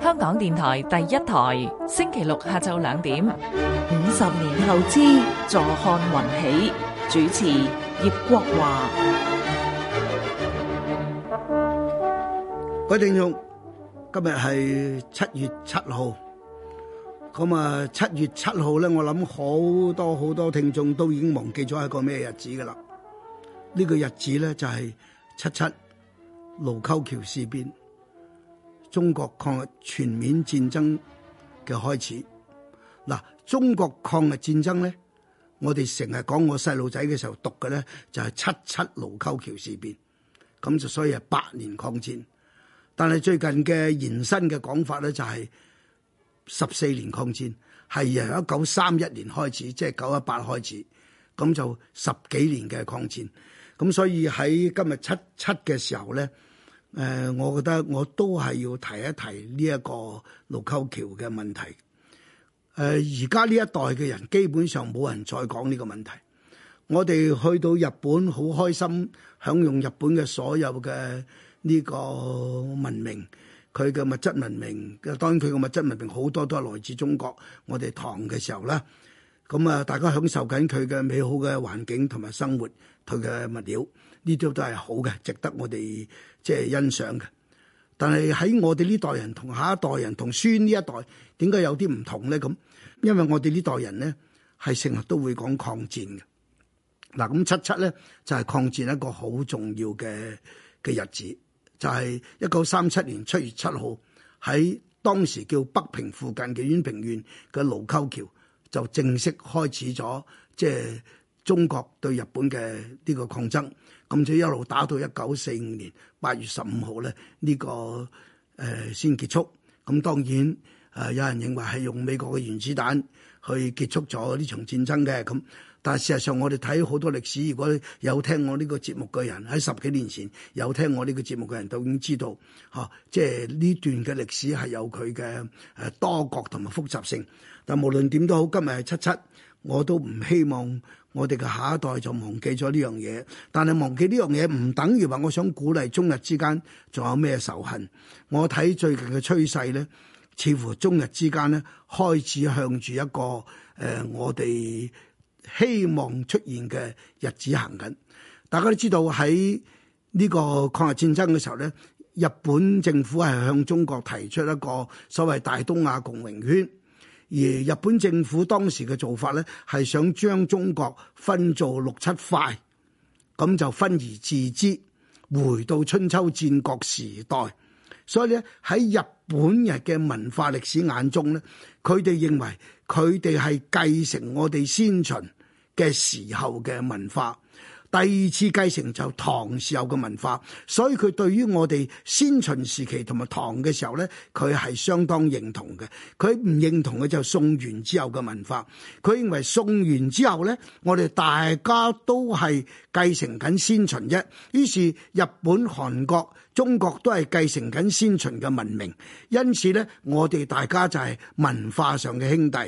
香港電台第一台，星期六下晝兩點。五十年後之，坐看雲起。主持葉國華。各位聽眾，今日係七月七號。咁啊，七月七號咧，我諗好多好多聽眾都已經忘記咗一個咩日子噶啦。呢個日子咧，就係七七。盧溝橋事變，中國抗日全面戰爭嘅開始。嗱，中國抗日戰爭咧，我哋成日講我細路仔嘅時候讀嘅咧，就係七七盧溝橋事變。咁就所以係八年抗戰。但係最近嘅延伸嘅講法咧，就係十四年抗戰，係由一九三一年開始，即係九一八開始，咁就十幾年嘅抗戰。咁所以喺今日七七嘅時候咧。誒、呃，我覺得我都係要提一提呢一個盧溝橋嘅問題。誒、呃，而家呢一代嘅人基本上冇人再講呢個問題。我哋去到日本好開心，享用日本嘅所有嘅呢個文明，佢嘅物質文明嘅，當然佢嘅物質文明好多都係來自中國。我哋唐嘅時候啦，咁、嗯、啊，大家享受緊佢嘅美好嘅環境同埋生活，佢嘅物料。呢啲都係好嘅，值得我哋即係欣賞嘅。但係喺我哋呢代人同下一代人同孫呢一代，點解有啲唔同咧？咁，因為我哋呢代人咧係成日都會講抗戰嘅。嗱、啊，咁、嗯、七七咧就係、是、抗戰一個好重要嘅嘅日子，就係一九三七年七月七號喺當時叫北平附近嘅宛平縣嘅盧溝橋，就正式開始咗即係。中國對日本嘅呢個抗爭，咁就一路打到一九四五年八月十五號咧，呢、呢個誒、呃、先結束。咁當然誒、呃、有人認為係用美國嘅原子彈去結束咗呢場戰爭嘅，咁，但事實上我哋睇好多歷史，如果有聽我呢個節目嘅人喺十幾年前有聽我呢個節目嘅人都已經知道，嚇、啊，即係呢段嘅歷史係有佢嘅誒多角同埋複雜性。但無論點都好，今日係七七。我都唔希望我哋嘅下一代就忘記咗呢樣嘢，但係忘記呢樣嘢唔等於話我想鼓勵中日之間仲有咩仇恨。我睇最近嘅趨勢咧，似乎中日之間咧開始向住一個誒、呃、我哋希望出現嘅日子行緊。大家都知道喺呢個抗日戰爭嘅時候咧，日本政府係向中國提出一個所謂大東亞共榮圈。而日本政府當時嘅做法咧，係想將中國分做六七塊，咁就分而治之，回到春秋戰國時代。所以咧，喺日本人嘅文化歷史眼中咧，佢哋認為，佢哋係繼承我哋先秦嘅時候嘅文化。第二次繼承就唐時候嘅文化，所以佢對於我哋先秦時期同埋唐嘅時候呢，佢係相當認同嘅。佢唔認同嘅就宋元之後嘅文化。佢認為宋元之後呢，我哋大家都係繼承緊先秦啫。於是日本、韓國、中國都係繼承緊先秦嘅文明。因此呢，我哋大家就係文化上嘅兄弟。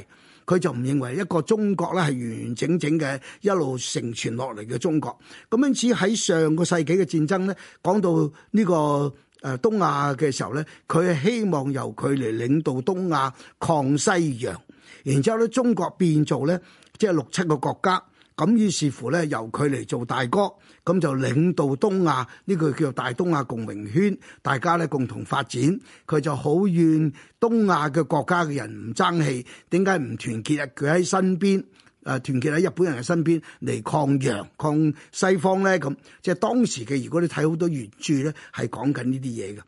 佢就唔認為一個中國咧，係完完整整嘅一路成全落嚟嘅中國，咁因此喺上個世紀嘅戰爭咧，講到呢個誒、呃、東亞嘅時候咧，佢係希望由佢嚟領導東亞抗西洋，然之後咧中國變做咧即係六七個國家。咁於是乎咧，由佢嚟做大哥，咁就領導東亞呢、呢個叫做大東亞共榮圈，大家咧共同發展。佢就好怨東亞嘅國家嘅人唔爭氣，點解唔團結啊？佢喺身邊，誒團結喺日本人嘅身邊嚟抗洋抗西方咧，咁即係當時嘅。如果你睇好多原著咧，係講緊呢啲嘢嘅。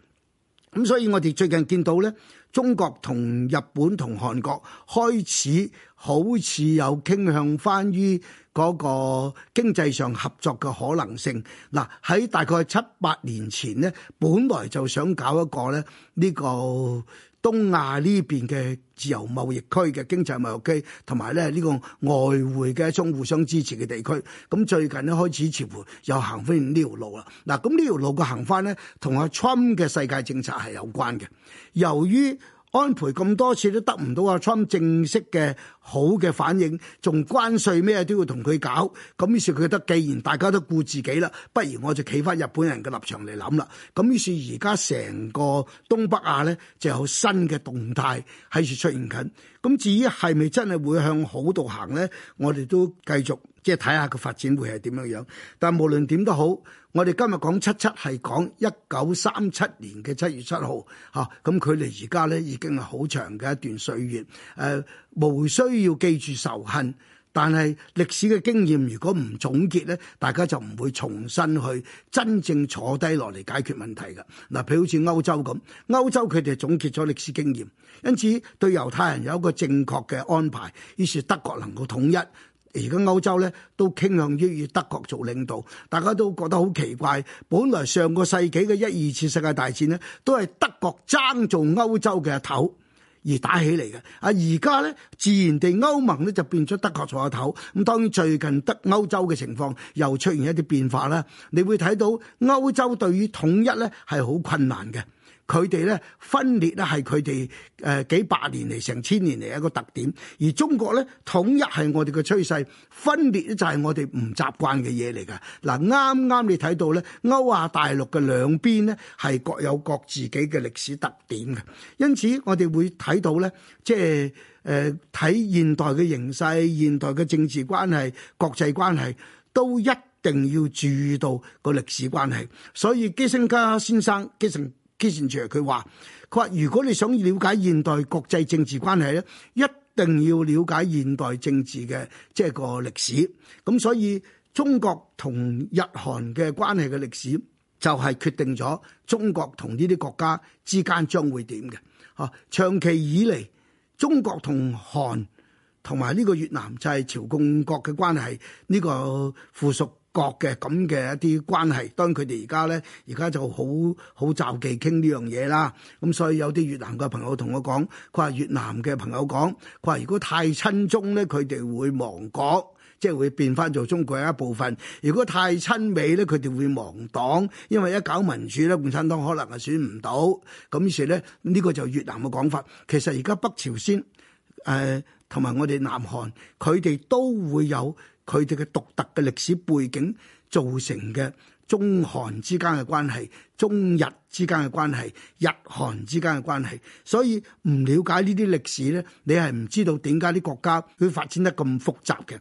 咁所以我哋最近見到咧，中國同日本同韓國開始好似有傾向翻於。嗰個經濟上合作嘅可能性，嗱，喺大概七八年前咧，本來就想搞一個咧呢個東亞呢邊嘅自由貿易區嘅經濟貿易區，同埋咧呢個外匯嘅一種互相支持嘅地區。咁最近咧開始似乎又行翻呢條路啦。嗱，咁呢條路嘅行翻咧，同阿侵嘅世界政策係有關嘅。由於安倍咁多次都得唔到阿 Trump 正式嘅好嘅反應，仲關稅咩都要同佢搞，咁於是佢覺得既然大家都顧自己啦，不如我就企翻日本人嘅立場嚟諗啦。咁於是而家成個東北亞咧就有新嘅動態喺處出現緊。咁至於係咪真係會向好度行咧？我哋都繼續即係睇下個發展會係點樣樣。但無論點都好，我哋今日講七七係講一九三七年嘅七月七號，嚇咁距離而家咧已經係好長嘅一段歲月。誒、啊，無需要記住仇恨。但係歷史嘅經驗，如果唔總結呢，大家就唔會重新去真正坐低落嚟解決問題㗎。嗱，譬如好似歐洲咁，歐洲佢哋總結咗歷史經驗，因此對猶太人有一個正確嘅安排，於是德國能夠統一。而家歐洲呢都傾向於以德國做領導，大家都覺得好奇怪。本來上個世紀嘅一二次世界大戰呢都係德國爭做歐洲嘅頭。而打起嚟嘅，啊而家咧自然地歐盟咧就變咗德國坐下頭，咁、嗯、當然最近德歐洲嘅情況又出現一啲變化啦，你會睇到歐洲對於統一咧係好困難嘅。佢哋咧分裂咧係佢哋誒幾百年嚟，成千年嚟一個特點。而中國咧統一係我哋嘅趨勢，分裂咧就係我哋唔習慣嘅嘢嚟㗎。嗱，啱啱你睇到咧，歐亞大陸嘅兩邊咧係各有各自己嘅歷史特點嘅，因此我哋會睇到咧，即係誒睇現代嘅形勢，現代嘅政治關係，國際關係都一定要注意到個歷史關係。所以基辛格先生基成。k i 基辛格佢話：佢話如果你想了解現代國際政治關係咧，一定要了解現代政治嘅即係個歷史。咁所以中國同日韓嘅關係嘅歷史，就係、是、決定咗中國同呢啲國家之間將會點嘅。啊，長期以嚟，中國同韓同埋呢個越南就係朝貢國嘅關係，呢、這個附屬國嘅咁嘅一啲關係，當然佢哋而家咧，而家就好好就記傾呢樣嘢啦。咁所以有啲越南嘅朋友同我講，佢話越南嘅朋友講，佢話如果太親中咧，佢哋會亡國，即係會變翻做中國嘅一部分；如果太親美咧，佢哋會亡黨，因為一搞民主咧，共產黨可能係選唔到。咁於是咧，呢個就越南嘅講法。其實而家北朝鮮，誒同埋我哋南韓，佢哋都會有。佢哋嘅獨特嘅歷史背景造成嘅中韓之間嘅關係、中日之間嘅關係、日韓之間嘅關係，所以唔了解呢啲歷史咧，你係唔知道點解啲國家會發展得咁複雜嘅。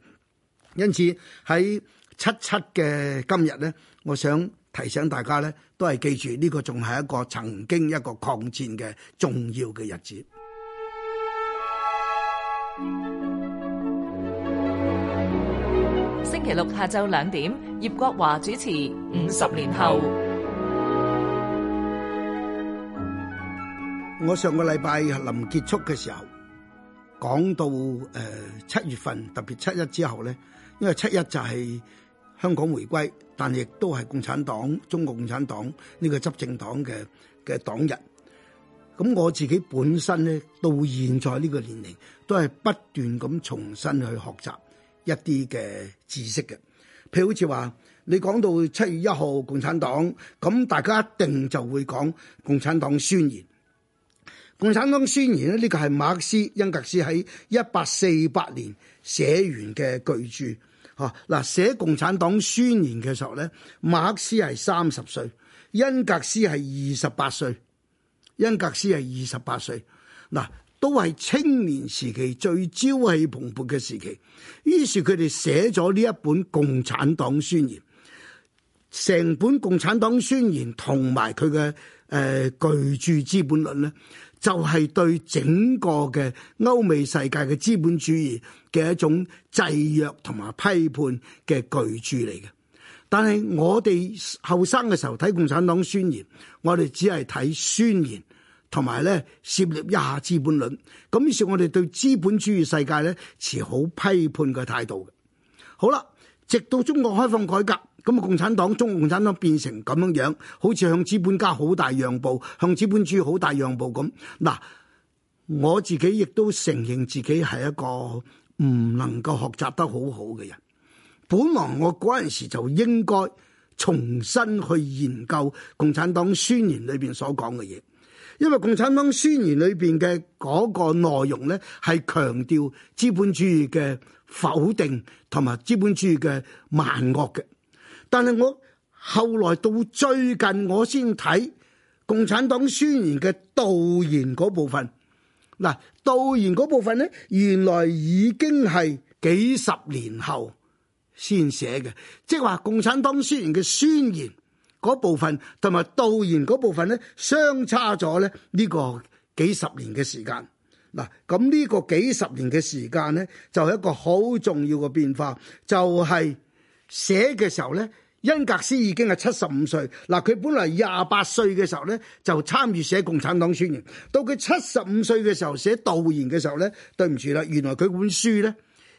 因此喺七七嘅今日咧，我想提醒大家咧，都係記住呢個仲係一個曾經一個抗戰嘅重要嘅日子。 星期六下晝兩點，葉國華主持《五十年後》。我上個禮拜臨結束嘅時候，講到誒七月份，特別七一之後咧，因為七一就係香港回歸，但亦都係共產黨、中國共產黨呢個執政黨嘅嘅黨日。咁我自己本身咧，到現在呢個年齡，都係不斷咁重新去學習。一啲嘅知識嘅，譬如好似話你講到七月一號共產黨，咁大家一定就會講共產黨宣言。共產黨宣言咧，呢個係馬克思恩格斯喺一八四八年寫完嘅巨著。嚇、啊、嗱，寫共產黨宣言嘅時候咧，馬克思係三十歲，恩格斯係二十八歲，恩格斯係二十八歲。嗱、啊。都係青年時期最朝氣蓬勃嘅時期，於是佢哋寫咗呢一本《共產黨宣言》，成本《共產黨宣言》同埋佢嘅誒《巨著資本論》咧，就係對整個嘅歐美世界嘅資本主義嘅一種制約同埋批判嘅巨著嚟嘅。但係我哋後生嘅時候睇《共產黨宣言》，我哋只係睇宣言。同埋咧，涉獵一下資本論咁，於是，我哋對資本主義世界咧持好批判嘅態度嘅。好啦，直到中國開放改革咁，共產黨、中共產黨變成咁樣樣，好似向資本家好大讓步，向資本主義好大讓步咁。嗱，我自己亦都承認自己係一個唔能夠學習得好好嘅人。本來我嗰陣時就應該重新去研究共產黨宣言裏邊所講嘅嘢。因為共產黨宣言裏邊嘅嗰個內容咧，係強調資本主義嘅否定同埋資本主義嘅萬惡嘅。但係我後來到最近，我先睇共產黨宣言嘅導言嗰部分。嗱，導言嗰部分咧，原來已經係幾十年後先寫嘅，即係話共產黨宣言嘅宣言嗰部分同埋導言嗰部分咧，相差咗咧呢個幾十年嘅時間。嗱，咁呢個幾十年嘅時間咧，就係一個好重要嘅變化。就係寫嘅時候咧，恩格斯已經係七十五歲。嗱，佢本來廿八歲嘅時候咧，就參與寫共產黨宣言。到佢七十五歲嘅時候寫導言嘅時候咧，對唔住啦，原來佢本書咧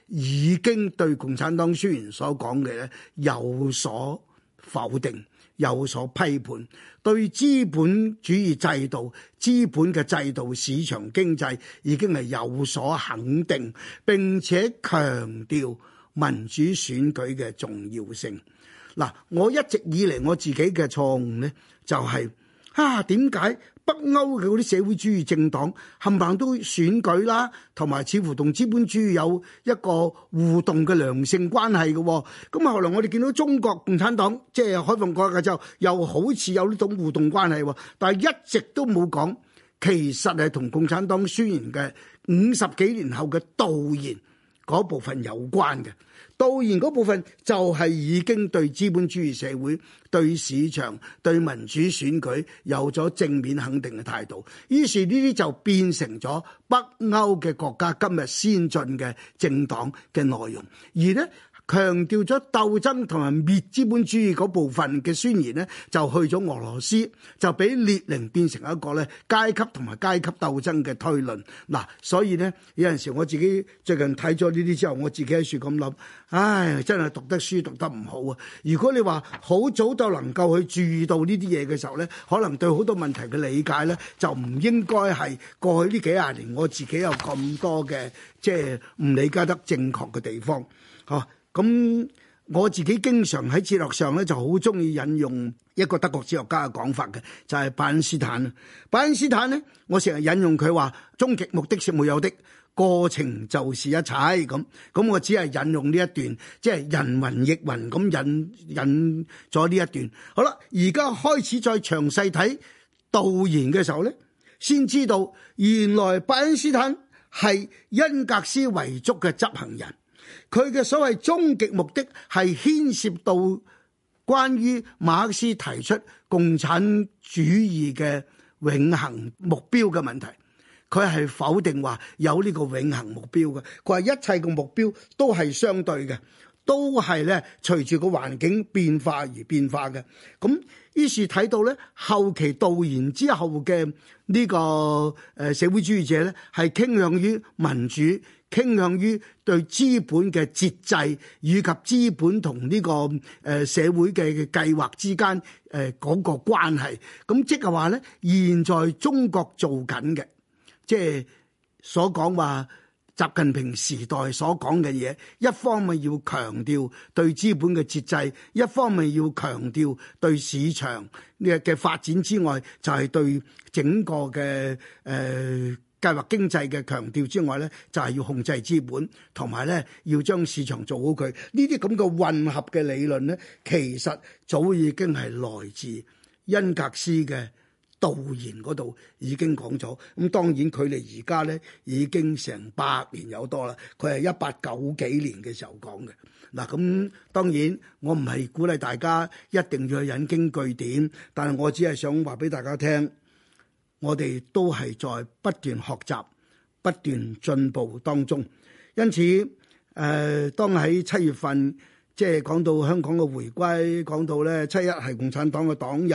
已經對共產黨宣言所講嘅咧有所否定。有所批判，對資本主義制度、資本嘅制度、市場經濟已經係有所肯定，並且強調民主選舉嘅重要性。嗱，我一直以嚟我自己嘅錯誤呢，就係、是、啊，點解？北歐嘅嗰啲社會主義政黨，冚唪唥都選舉啦，同埋似乎同資本主義有一個互動嘅良性關係嘅、哦。咁、嗯、後來我哋見到中國共產黨即係開放改革之後，又好似有呢種互動關係喎、哦。但係一直都冇講，其實係同共產黨宣言嘅五十幾年後嘅導言嗰部分有關嘅。導言嗰部分就係已經對資本主義社會、對市場、對民主選舉有咗正面肯定嘅態度，於是呢啲就變成咗北歐嘅國家今日先進嘅政黨嘅內容，而咧。強調咗鬥爭同埋滅資本主義嗰部分嘅宣言呢，就去咗俄羅斯，就俾列寧變成一個咧階級同埋階級鬥爭嘅推論。嗱，所以呢，有陣時我自己最近睇咗呢啲之後，我自己喺度咁諗，唉，真係讀得書讀得唔好啊！如果你話好早就能夠去注意到呢啲嘢嘅時候呢，可能對好多問題嘅理解呢，就唔應該係過去呢幾廿年我自己有咁多嘅即係唔理解得正確嘅地方，嚇、啊。咁我自己經常喺哲學上咧就好中意引用一個德國哲學家嘅講法嘅，就係巴恩斯坦。啊，巴恩斯坦咧，我成日引用佢話終極目的是沒有的，過程就是一切。咁咁，我只係引用呢一段，即係人雲亦雲咁引引咗呢一段。好啦，而家開始再詳細睇導言嘅時候咧，先知道原來巴恩斯坦係恩格斯遺囑嘅執行人。佢嘅所謂終極目的係牽涉到關於馬克思提出共產主義嘅永恆目標嘅問題，佢係否定話有呢個永恆目標嘅，佢話一切個目標都係相對嘅。都係咧，隨住個環境變化而變化嘅。咁於是睇到咧，後期導言之後嘅呢個誒社會主義者咧，係傾向於民主，傾向於對資本嘅節制，以及資本同呢個誒社會嘅計劃之間誒嗰個關係。咁即係話咧，現在中國在做緊嘅，即係所講話。習近平時代所講嘅嘢，一方面要強調對資本嘅節制，一方面要強調對市場嘅發展之外，就係、是、對整個嘅誒、呃、計劃經濟嘅強調之外咧，就係、是、要控制資本，同埋咧要將市場做好佢。呢啲咁嘅混合嘅理論咧，其實早已經係來自恩格斯嘅。導言嗰度已經講咗，咁當然佢哋而家呢已經成百年有多啦。佢係一八九幾年嘅時候講嘅。嗱，咁當然我唔係鼓勵大家一定要引經據典，但係我只係想話俾大家聽，我哋都係在不斷學習、不斷進步當中。因此，誒、呃、當喺七月份，即係講到香港嘅回歸，講到咧七一係共產黨嘅黨日。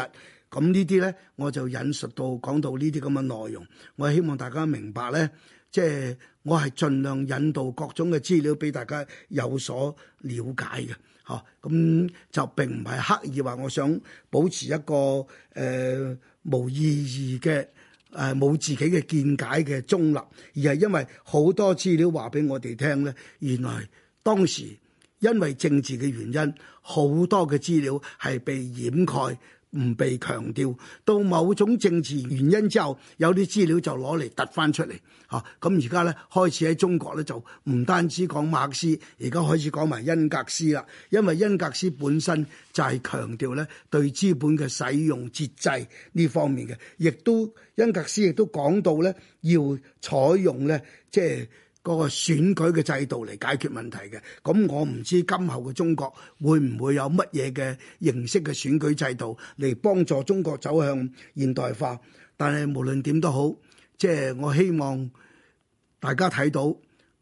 咁呢啲咧，我就引述到講到呢啲咁嘅內容，我希望大家明白咧，即係我係盡量引導各種嘅資料俾大家有所了解嘅，嚇。咁就並唔係刻意話我想保持一個誒、呃、冇意義嘅誒冇自己嘅見解嘅中立，而係因為好多資料話俾我哋聽咧，原來當時因為政治嘅原因，好多嘅資料係被掩蓋。唔被強調，到某種政治原因之後，有啲資料就攞嚟突翻出嚟。嚇、啊，咁而家咧，開始喺中國咧就唔單止講馬克思，而家開始講埋恩格斯啦。因為恩格斯本身就係強調咧對資本嘅使用節制呢方面嘅，亦都恩格斯亦都講到咧要採用咧即係。嗰個選舉嘅制度嚟解決問題嘅，咁我唔知今後嘅中國會唔會有乜嘢嘅形式嘅選舉制度嚟幫助中國走向現代化？但係無論點都好，即係我希望大家睇到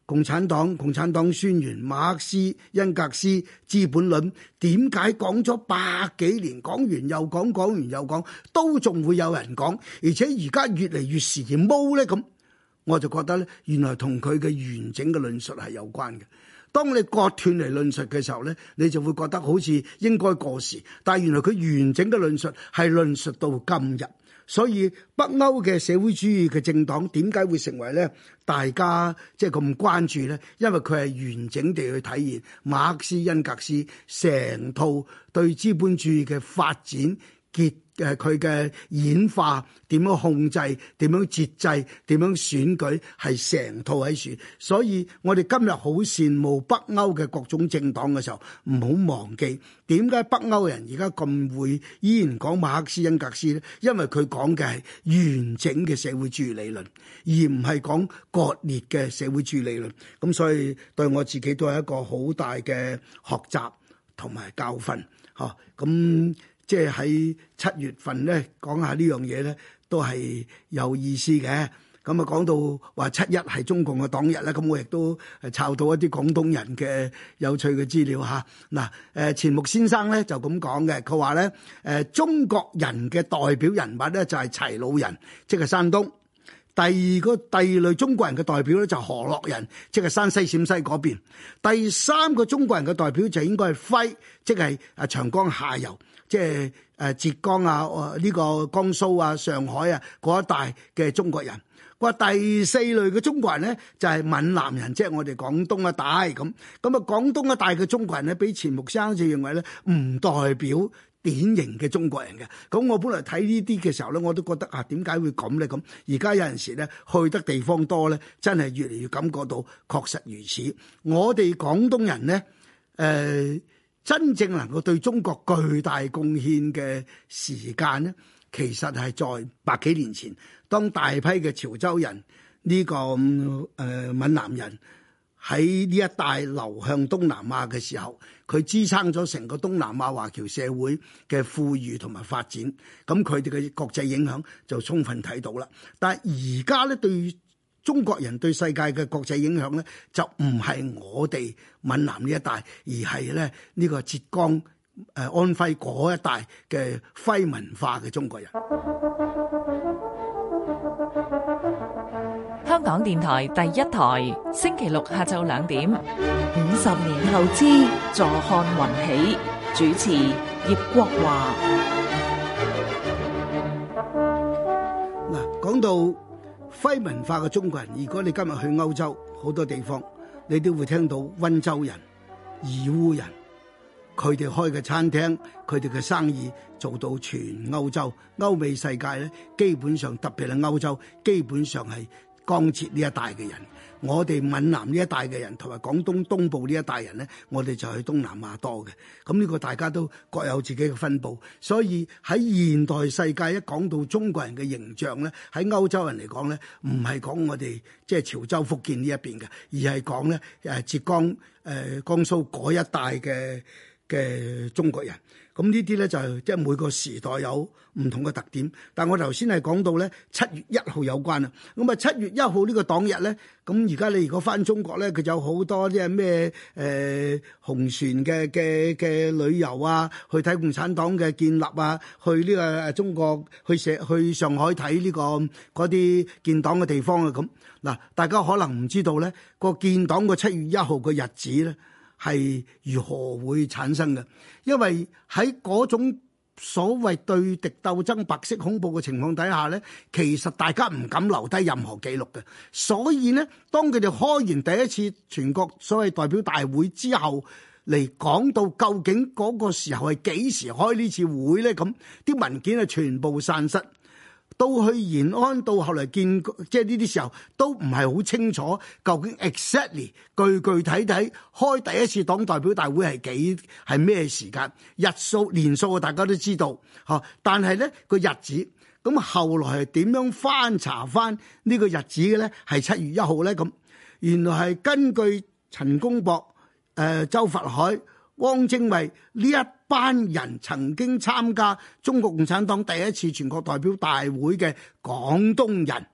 共產黨、共產黨宣言、馬克思、恩格斯《資本論》點解講咗百幾年，講完又講，講完又講，都仲會有人講，而且而家越嚟越時髦呢？咁。我就覺得咧，原來同佢嘅完整嘅論述係有關嘅。當你割斷嚟論述嘅時候咧，你就會覺得好似應該過時。但係原來佢完整嘅論述係論述到今日。所以北歐嘅社會主義嘅政黨點解會成為咧？大家即係咁關注咧？因為佢係完整地去體現馬克思恩格斯成套對資本主義嘅發展。結誒佢嘅演化點樣控制點樣節制點樣選舉係成套喺處，所以我哋今日好羨慕北歐嘅各種政黨嘅時候，唔好忘記點解北歐人而家咁會依然講馬克思恩格斯咧，因為佢講嘅係完整嘅社會主義理論，而唔係講割裂嘅社會主義理論。咁所以對我自己都係一個好大嘅學習同埋教訓，嚇咁。即係喺七月份咧講下呢樣嘢咧，都係有意思嘅。咁啊，講到話七一係中共嘅黨日咧，咁我亦都係抄到一啲廣東人嘅有趣嘅資料嚇嗱。誒錢穆先生咧就咁講嘅，佢話咧誒中國人嘅代表人物咧就係齊魯人，即係山東；第二個第二類中國人嘅代表咧就係河洛人，即係山西陝西嗰邊；第三個中國人嘅代表就應該係徽，即係啊長江下游。即係誒浙江啊，呢個江蘇啊、上海啊嗰一帶嘅中國人。我話第四類嘅中國人咧，就係閩南人，即係我哋廣東一帶咁。咁啊廣東一帶嘅中國人咧，比錢穆生就認為咧，唔代表典型嘅中國人嘅。咁我本來睇呢啲嘅時候咧，我都覺得啊，點解會咁咧？咁而家有陣時咧，去得地方多咧，真係越嚟越感覺到確實如此。我哋廣東人咧，誒、呃。真正能夠對中國巨大貢獻嘅時間咧，其實係在百幾年前，當大批嘅潮州人呢、呢個誒、呃、閩南人喺呢一帶流向東南亞嘅時候，佢支撐咗成個東南亞華僑社會嘅富裕同埋發展，咁佢哋嘅國際影響就充分睇到啦。但係而家咧對。中國人對世界嘅國際影響咧，就唔係我哋閩南呢一帶，而係咧呢個浙江、誒安徽嗰一帶嘅徽文化嘅中國人。香港電台第一台，星期六下晝兩點，五十年後知坐看雲起，主持葉國華。嗱，講到。非文化嘅中國人，如果你今日去歐洲好多地方，你都會聽到溫州人、義烏人，佢哋開嘅餐廳，佢哋嘅生意做到全歐洲、歐美世界咧，基本上特別係歐洲，基本上係。江浙呢一帶嘅人，我哋閩南呢一帶嘅人，同埋廣東東部呢一帶人咧，我哋就去東南亞多嘅。咁呢個大家都各有自己嘅分佈，所以喺現代世界一講到中國人嘅形象咧，喺歐洲人嚟講咧，唔係講我哋即係潮州、福建呢一邊嘅，而係講咧誒浙江、誒、呃、江蘇嗰一帶嘅嘅中國人。咁呢啲咧就即係每個時代有唔同嘅特點，但我頭先係講到咧七月一號有關啊。咁啊七月一號呢個黨日咧，咁而家你如果返中國咧，佢就有好多啲係咩誒紅船嘅嘅嘅旅遊啊，去睇共產黨嘅建立啊，去呢個中國去上去上海睇呢個嗰啲建黨嘅地方啊咁。嗱，大家可能唔知道咧個建黨個七月一號嘅日子咧，係如何會產生嘅？因為喺嗰種所謂對敵鬥爭、白色恐怖嘅情況底下呢，其實大家唔敢留低任何記錄嘅。所以呢，當佢哋開完第一次全國所謂代表大會之後，嚟講到究竟嗰個時候係幾時開呢次會呢，咁啲文件啊，全部散失，到去延安，到後來見即係呢啲時候都唔係好清楚，究竟 exactly 具具體體開第一次黨代表大會係幾係咩時間日數年數，大家都知道吓。但係咧個日子咁後來係點樣翻查翻呢個日子嘅咧係七月一號咧咁，原來係根據陳公博誒、呃、周佛海。汪精衛呢一班人曾經參加中國共產黨第一次全國代表大會嘅廣東人，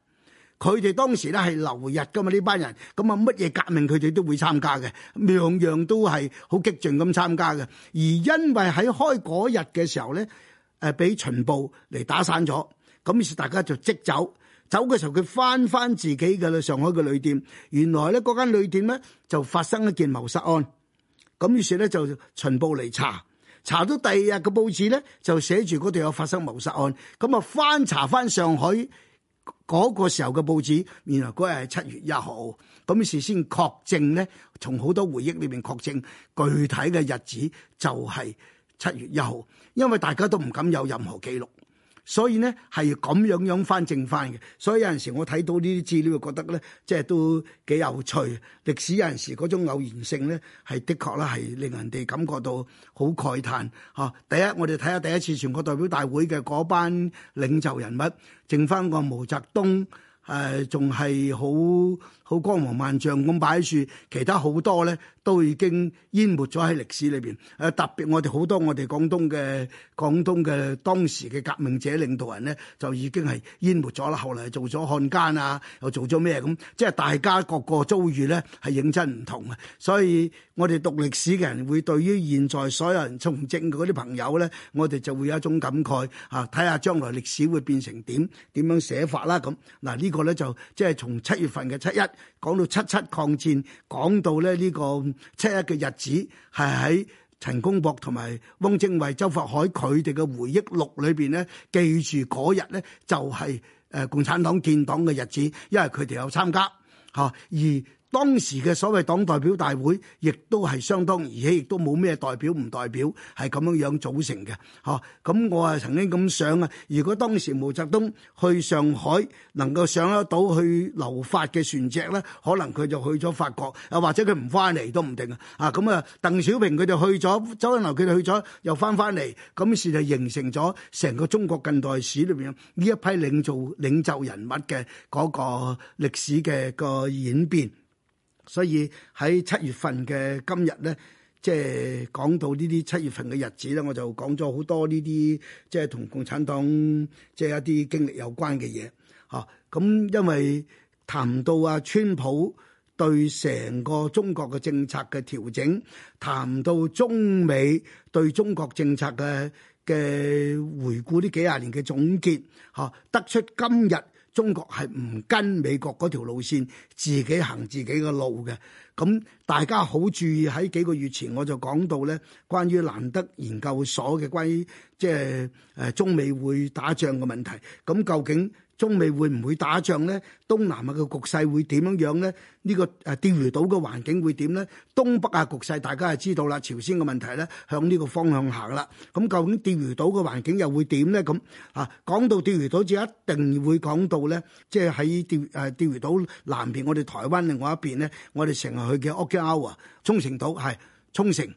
佢哋當時咧係留日噶嘛呢班人，咁啊乜嘢革命佢哋都會參加嘅，樣樣都係好激進咁參加嘅。而因為喺開嗰日嘅時候咧，誒俾巡捕嚟打散咗，咁於是大家就即走，走嘅時候佢翻翻自己嘅上海嘅旅店，原來咧嗰間旅店咧就發生一件謀殺案。咁於是咧就巡捕嚟查，查到第二日嘅報紙咧就寫住嗰度有發生謀殺案，咁啊翻查返上海嗰個時候嘅報紙，原來嗰日係七月一號，咁於是先確證咧，從好多回憶裏邊確證具體嘅日子就係七月一號，因為大家都唔敢有任何記錄。所以呢，係咁樣樣翻正翻嘅，所以有陣時我睇到呢啲資料，覺得咧即係都幾有趣。歷史有陣時嗰種偶然性咧，係的確咧，係令人哋感覺到好慨嘆。嚇、啊，第一我哋睇下第一次全國代表大會嘅嗰班領袖人物，剩翻個毛澤東，誒仲係好。好光芒萬丈咁擺喺樹，其他好多咧都已經淹沒咗喺歷史裏邊。誒特別我哋好多我哋廣東嘅廣東嘅當時嘅革命者領導人咧，就已經係淹沒咗啦。後嚟做咗漢奸啊，又做咗咩咁？即係大家個個遭遇咧係認真唔同啊。所以我哋讀歷史嘅人會對於現在所有人從政嗰啲朋友咧，我哋就會有一種感慨嚇。睇下將來歷史會變成點點樣寫法啦咁。嗱、啊這個、呢個咧就即係從七月份嘅七一。講到七七抗戰，講到咧呢個七一嘅日子，係喺陳公博同埋汪精衛、周佛海佢哋嘅回憶錄裏邊咧，記住嗰日咧就係誒共產黨建黨嘅日子，因為佢哋有參加嚇，而。當時嘅所謂黨代表大會，亦都係相當，而且亦都冇咩代表唔代表，係咁樣樣組成嘅。嚇、啊，咁我係曾經咁想啊，如果當時毛澤東去上海，能夠上得到去留法嘅船隻咧，可能佢就去咗法國，又、啊、或者佢唔翻嚟都唔定啊。啊，咁啊，鄧小平佢哋去咗，周恩來佢哋去咗，又翻翻嚟，咁事就形成咗成個中國近代史裏邊呢一批領袖領袖人物嘅嗰個歷史嘅個演變。所以喺七月份嘅今日咧，即係講到呢啲七月份嘅日子咧，我就講咗好多呢啲即係同共產黨即係一啲經歷有關嘅嘢。吓、啊。咁因為談到啊川普對成個中國嘅政策嘅調整，談到中美對中國政策嘅嘅回顧呢幾廿年嘅總結吓、啊，得出今日。中國係唔跟美國嗰條路線，自己行自己嘅路嘅。咁大家好注意，喺幾個月前，我就講到咧，關於蘭德研究所嘅關於即係誒中美會打仗嘅問題。咁究竟中美會唔會打仗咧？東南亞嘅局勢會點樣樣咧？呢個誒釣魚島嘅環境會點咧？東北亞局勢大家係知道啦，朝鮮嘅問題咧向呢個方向行啦。咁究竟釣魚島嘅環境又會點咧？咁啊講到釣魚島，就一定會講到咧，即係喺釣誒釣魚島南邊，我哋台灣另外一邊咧，我哋成日去嘅沖繩島啊，沖繩島係沖繩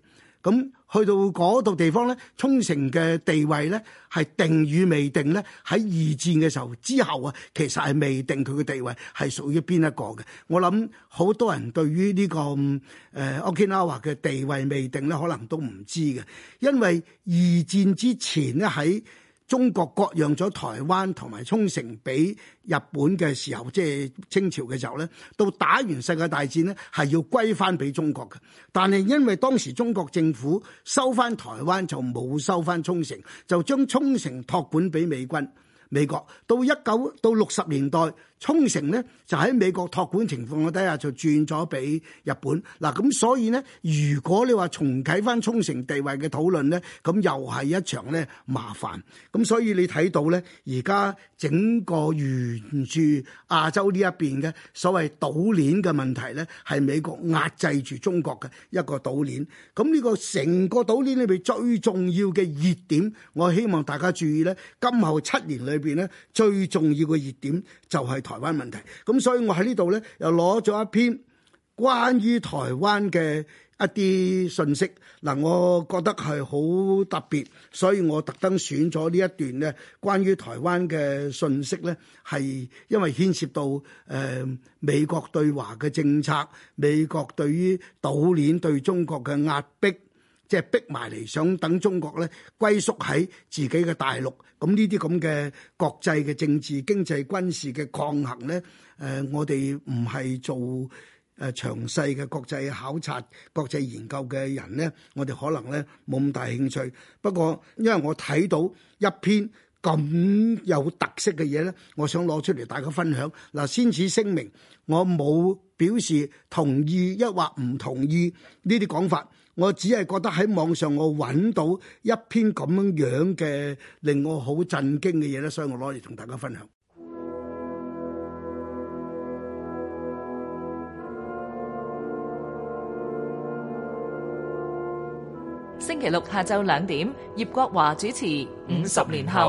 咁。去到嗰度地方咧，沖繩嘅地位咧係定與未定咧，喺二戰嘅時候之後啊，其實係未定佢嘅地位係屬於邊一個嘅。我諗好多人對於呢、呢個誒、呃、沖繩話嘅地位未定咧，可能都唔知嘅，因為二戰之前咧喺，中國割讓咗台灣同埋沖繩俾日本嘅時候，即係清朝嘅時候咧，到打完世界大戰咧，係要歸翻俾中國嘅。但係因為當時中國政府收翻台灣就冇收翻沖繩，就將沖繩託管俾美軍。美國到一九到六十年代，沖繩咧就喺美國託管情況底下就轉咗俾日本嗱，咁、啊、所以咧如果你話重啟翻沖繩地位嘅討論咧，咁又係一場咧麻煩。咁所以你睇到咧而家整個沿住亞洲呢一邊嘅所謂島鏈嘅問題咧，係美國壓制住中國嘅一個島鏈。咁呢個成個島鏈裏邊最重要嘅熱點，我希望大家注意咧，今後七年裏。裏邊咧最重要嘅熱點就係台灣問題，咁所以我喺呢度呢，又攞咗一篇關於台灣嘅一啲信息，嗱我覺得係好特別，所以我特登選咗呢一段呢關於台灣嘅信息呢係因為牽涉到誒、呃、美國對華嘅政策，美國對於島鏈對中國嘅壓迫。即係逼埋嚟，想等中國咧歸宿喺自己嘅大陸。咁呢啲咁嘅國際嘅政治、經濟、軍事嘅抗衡咧，誒、呃，我哋唔係做誒詳細嘅國際考察、國際研究嘅人咧，我哋可能咧冇咁大興趣。不過，因為我睇到一篇咁有特色嘅嘢咧，我想攞出嚟大家分享。嗱，先此聲明，我冇表示同意抑或唔同意呢啲講法。我只係覺得喺網上我揾到一篇咁樣樣嘅令我好震驚嘅嘢咧，所以我攞嚟同大家分享。星期六下晝兩點，葉國華主持《五十年後》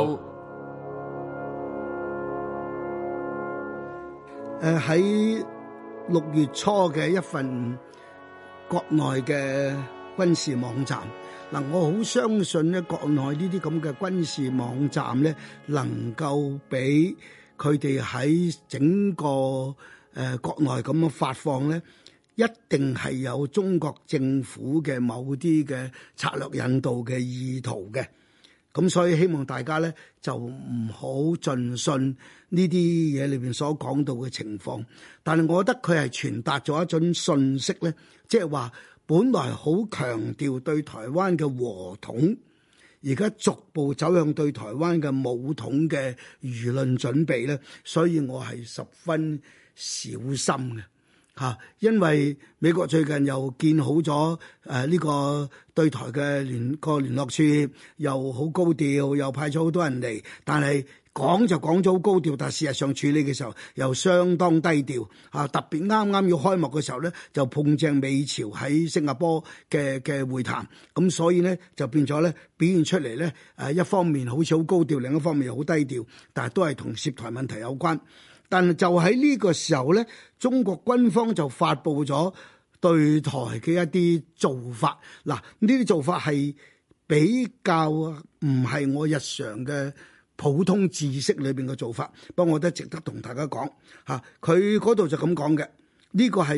呃。誒喺六月初嘅一份國內嘅。軍事網站嗱，我好相信咧，國內呢啲咁嘅軍事網站咧，能夠俾佢哋喺整個誒、呃、國內咁樣發放咧，一定係有中國政府嘅某啲嘅策略引導嘅意圖嘅。咁所以希望大家咧就唔好盡信呢啲嘢裏邊所講到嘅情況，但係我覺得佢係傳達咗一種信息咧，即係話。本來好強調對台灣嘅和統，而家逐步走向對台灣嘅武統嘅輿論準備咧，所以我係十分小心嘅嚇，啊，因為美國最近又建好咗誒呢個對台嘅聯個聯絡處，又好高調，又派咗好多人嚟，但係。講就講咗好高調，但事實上處理嘅時候又相當低調。啊，特別啱啱要開幕嘅時候咧，就碰正美朝喺新加坡嘅嘅會談，咁所以咧就變咗咧表現出嚟咧，誒一方面好似好高調，另一方面又好低調，但係都係同涉台問題有關。但就喺呢個時候咧，中國軍方就發布咗對台嘅一啲做法。嗱，呢啲做法係比較唔係我日常嘅。普通知識裏邊嘅做法，不過我都值得同大家講嚇。佢嗰度就咁講嘅，呢、這個係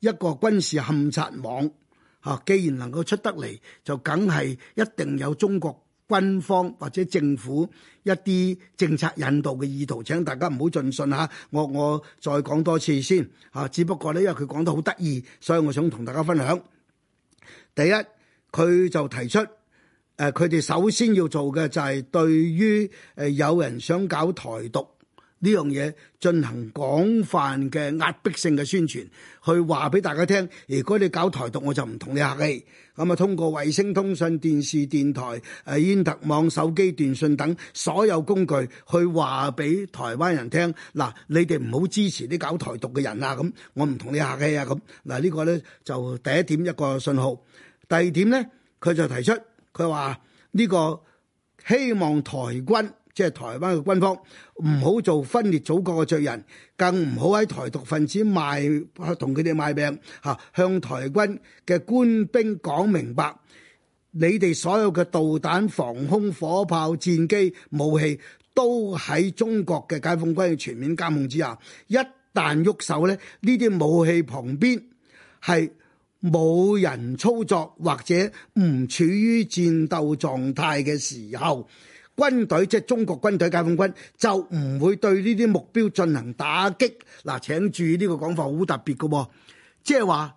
一個軍事觀察網嚇、啊。既然能夠出得嚟，就梗係一定有中國軍方或者政府一啲政策引導嘅意圖。請大家唔好盡信嚇、啊。我我再講多次先嚇、啊。只不過呢，因為佢講得好得意，所以我想同大家分享。第一，佢就提出。誒，佢哋、啊、首先要做嘅就係對於誒有人想搞台獨呢樣嘢，進行廣泛嘅壓迫性嘅宣傳，去話俾大家聽，如果你搞台獨，我就唔同你客氣。咁啊，通過衛星通訊電視電台、誒、啊、英特網手機電訊等所有工具去話俾台灣人聽，嗱、啊，你哋唔好支持啲搞台獨嘅人啊！咁我唔同你客氣啊！咁嗱，呢個咧就第一點一個信號，第二點咧，佢就提出。佢話：呢個希望台軍即係台灣嘅軍方唔好做分裂祖國嘅罪人，更唔好喺台獨分子賣同佢哋賣命嚇。向台軍嘅官兵講明白，你哋所有嘅導彈、防空火炮、戰機武器都喺中國嘅解放軍嘅全面監控之下。一旦喐手咧，呢啲武器旁邊係，冇人操作或者唔處於戰鬥狀態嘅時候，軍隊即係中國軍隊解放軍就唔會對呢啲目標進行打擊嗱、啊，請注意呢個講法好特別嘅、哦，即係話，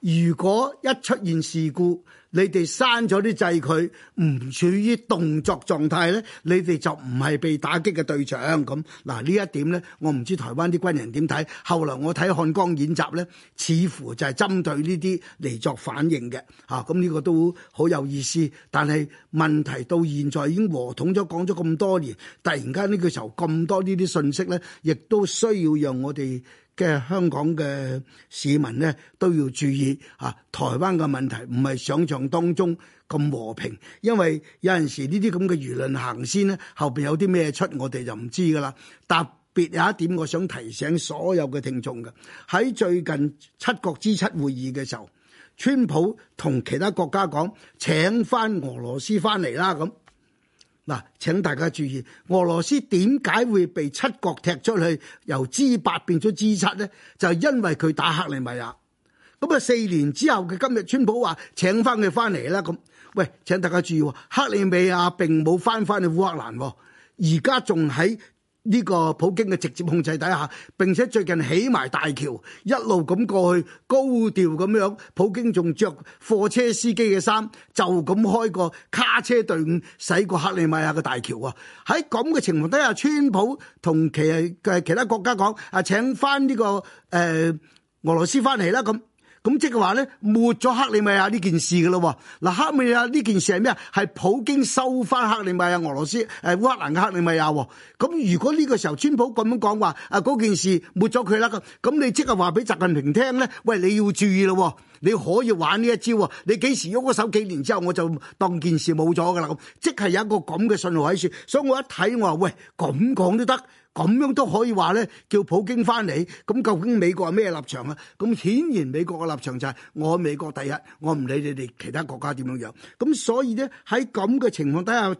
如果一出現事故。你哋刪咗啲制佢唔處於動作狀態呢，你哋就唔係被打擊嘅對象。咁嗱呢一點呢，我唔知台灣啲軍人點睇。後來我睇漢江演習呢，似乎就係針對呢啲嚟作反應嘅。嚇、啊，咁呢個都好有意思。但係問題到現在已經和統咗，講咗咁多年，突然間呢個時候咁多呢啲信息呢，亦都需要讓我哋。嘅香港嘅市民呢，都要注意啊，台灣嘅問題唔係想象當中咁和平，因為有陣時呢啲咁嘅輿論行先呢，後邊有啲咩出，我哋就唔知噶啦。特別有一點，我想提醒所有嘅聽眾，嘅喺最近七國之七會議嘅時候，川普同其他國家講，請翻俄羅斯翻嚟啦咁。嗱，請大家注意，俄羅斯點解會被七國踢出去，由 G8 變咗 G7 呢？就係因為佢打克里米亞，咁啊四年之後嘅今日，川普話請翻佢翻嚟啦。咁，喂，請大家注意，克里米亞並冇翻翻去烏克蘭，而家仲喺，呢個普京嘅直接控制底下，並且最近起埋大橋，一路咁過去，高調咁樣，普京仲着貨車司機嘅衫，就咁開個卡車隊伍，駛過克里米亞嘅大橋啊！喺咁嘅情況底下，川普同其嘅其他國家講啊，請翻呢、這個誒、呃、俄羅斯翻嚟啦咁。咁即係話咧，抹咗克里米亞呢件事噶咯喎。嗱，克里米亞呢件事係咩啊？係普京收翻克里米亞，俄羅斯誒、呃、烏克蘭嘅克里米亞喎。咁如果呢個時候川普咁樣講話，啊嗰件事抹咗佢啦，咁你即係話俾習近平聽咧，喂，你要注意咯，你可以玩呢一招，你幾時喐個手幾年之後，我就當件事冇咗噶啦。咁即係有一個咁嘅信號喺處，所以我一睇我話喂，咁講都得。咁樣都可以話咧，叫普京翻嚟。咁究竟美國係咩立場啊？咁顯然美國嘅立場就係我美國第一，我唔理你哋其他國家點樣樣。咁所以咧，喺咁嘅情況底下，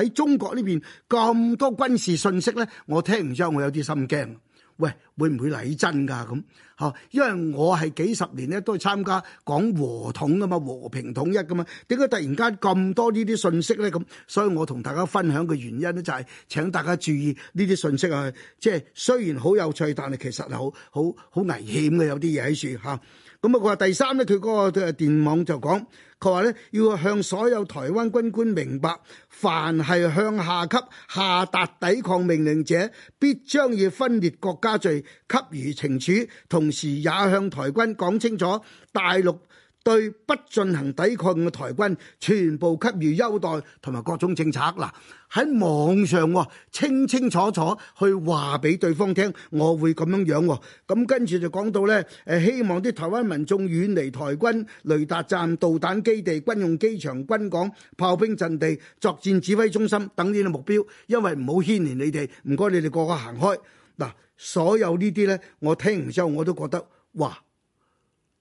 喺中國呢邊咁多軍事信息咧，我聽完之後我有啲心驚。喂，會唔會嚟真㗎？咁、啊？嚇，因為我係幾十年咧都參加講和統噶嘛，和平統一噶嘛，點解突然間咁多呢啲信息咧？咁，所以我同大家分享嘅原因咧、就是，就係請大家注意呢啲信息啊，即、就、係、是、雖然好有趣，但係其實係好好好危險嘅，有啲嘢喺度嚇。啊。咁啊！佢話第三咧，佢嗰個電網就講，佢話咧，要向所有台灣軍官明白，凡係向下級下達抵抗命令者，必將以分裂國家罪，給予懲處，同時也向台軍講清楚，大陸對不進行抵抗嘅台軍，全部給予優待同埋各種政策。嗱，喺網上清清楚楚去話俾對方聽，我會咁樣樣。咁跟住就講到呢，誒希望啲台灣民眾遠離台軍雷達站、導彈基地、軍用機場、軍港、炮兵陣地、作戰指揮中心等啲嘅目標，因為唔好牽連你哋。唔該，你哋個個行開。嗱，所有呢啲呢，我聽完之後我都覺得，哇！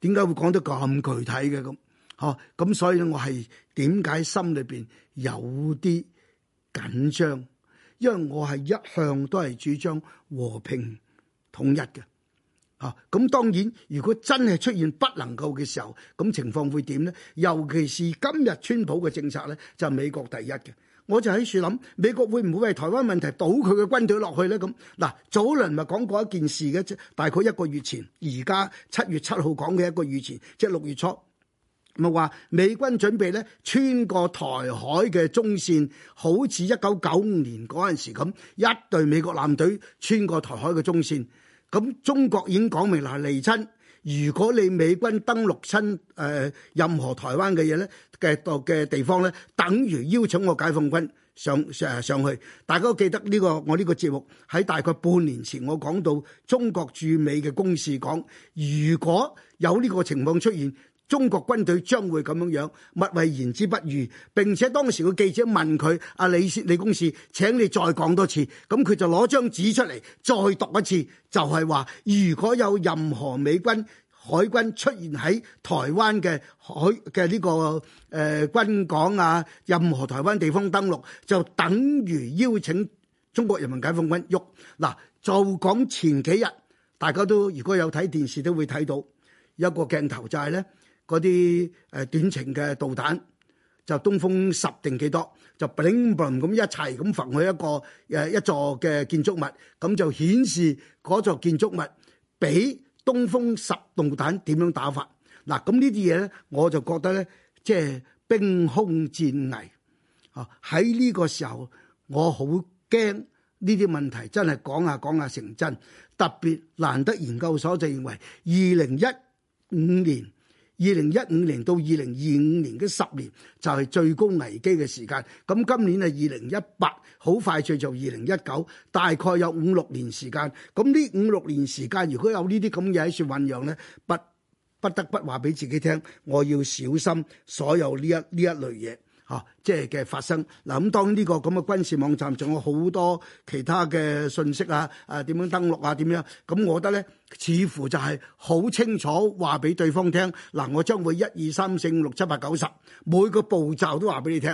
點解會講得咁具體嘅咁？哦，咁所以咧，我係點解心裏邊有啲緊張？因為我係一向都係主張和平統一嘅。啊、哦，咁當然，如果真係出現不能夠嘅時候，咁情況會點咧？尤其是今日川普嘅政策咧，就係美國第一嘅。我就喺處諗，美國會唔會為台灣問題倒佢嘅軍隊落去呢？咁嗱，早輪咪講過一件事嘅，大概一個月前，而家七月七號講嘅一個月前，即係六月初，咪話美軍準備咧，穿過台海嘅中線，好似一九九五年嗰陣時咁，一隊美國艦隊穿過台海嘅中線，咁中國已經講明喇，係離親。如果你美軍登陸親誒、呃、任何台灣嘅嘢咧嘅度嘅地方咧，等於邀請我解放軍上上上去。大家都記得呢、呢個我呢個節目，喺大概半年前我講到中國駐美嘅公使講，如果有呢個情況出現，中國軍隊將會咁樣樣，勿謂言之不喻。並且當時個記者問佢阿李李公事，請你再講多次。咁佢就攞張紙出嚟再讀一次，就係話：如果有任何美軍海軍出現喺台灣嘅海嘅呢個誒軍港啊，任何台灣地方登陸，就等於邀請中國人民解放軍喐嗱。就講前幾日，大家都如果有睇電視都會睇到有個鏡頭就係呢。嗰啲誒短程嘅導彈就東風十定幾多，就 bling bling 咁一齊咁揈去一個誒一座嘅建築物，咁就顯示嗰座建築物俾東風十導彈點樣打法。嗱。咁呢啲嘢咧，我就覺得咧，即係兵空戰危哦。喺呢個時候，我好驚呢啲問題真係講下講下成真，特別蘭德研究所就認為二零一五年。二零一五年到二零二五年嘅十年就係最高危機嘅時間，咁今年係二零一八，好快就做二零一九，大概有五六年時間，咁呢五六年時間如果有呢啲咁嘢喺處醖釀呢，不不得不話俾自己聽，我要小心所有呢一呢一類嘢。啊，即係嘅發生嗱，咁、啊、當呢個咁嘅軍事網站仲有好多其他嘅信息啊，啊點樣登錄啊，點樣咁、啊、我覺得呢，似乎就係好清楚話俾對方聽，嗱、啊、我將會一二三四五六七八九十每個步驟都話俾你聽，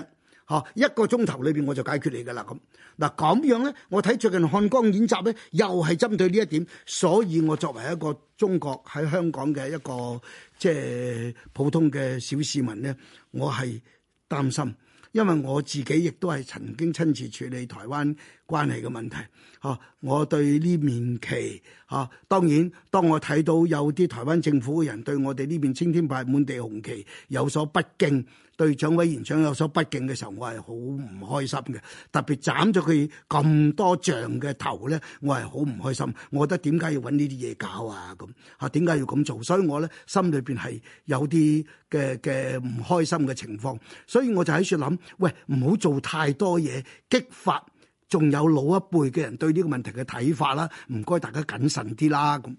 嚇、啊、一個鐘頭裏邊我就解決你噶啦，咁，嗱咁樣呢，我睇最近漢江演習呢，又係針對呢一點，所以我作為一個中國喺香港嘅一個即係、就是、普通嘅小市民呢，我係，擔心，因為我自己亦都係曾經親自處理台灣。關係嘅問題，嚇！我對呢面旗，嚇！當然，當我睇到有啲台灣政府嘅人對我哋呢邊青天白滿地紅旗有所不敬，對蔣委員長有所不敬嘅時候，我係好唔開心嘅。特別斬咗佢咁多像嘅頭咧，我係好唔開心。我覺得點解要揾呢啲嘢搞啊？咁嚇點解要咁做？所以我咧心裏邊係有啲嘅嘅唔開心嘅情況，所以我就喺處諗，喂，唔好做太多嘢激發。仲有老一輩嘅人對呢個問題嘅睇法啦，唔該大家謹慎啲啦，咁。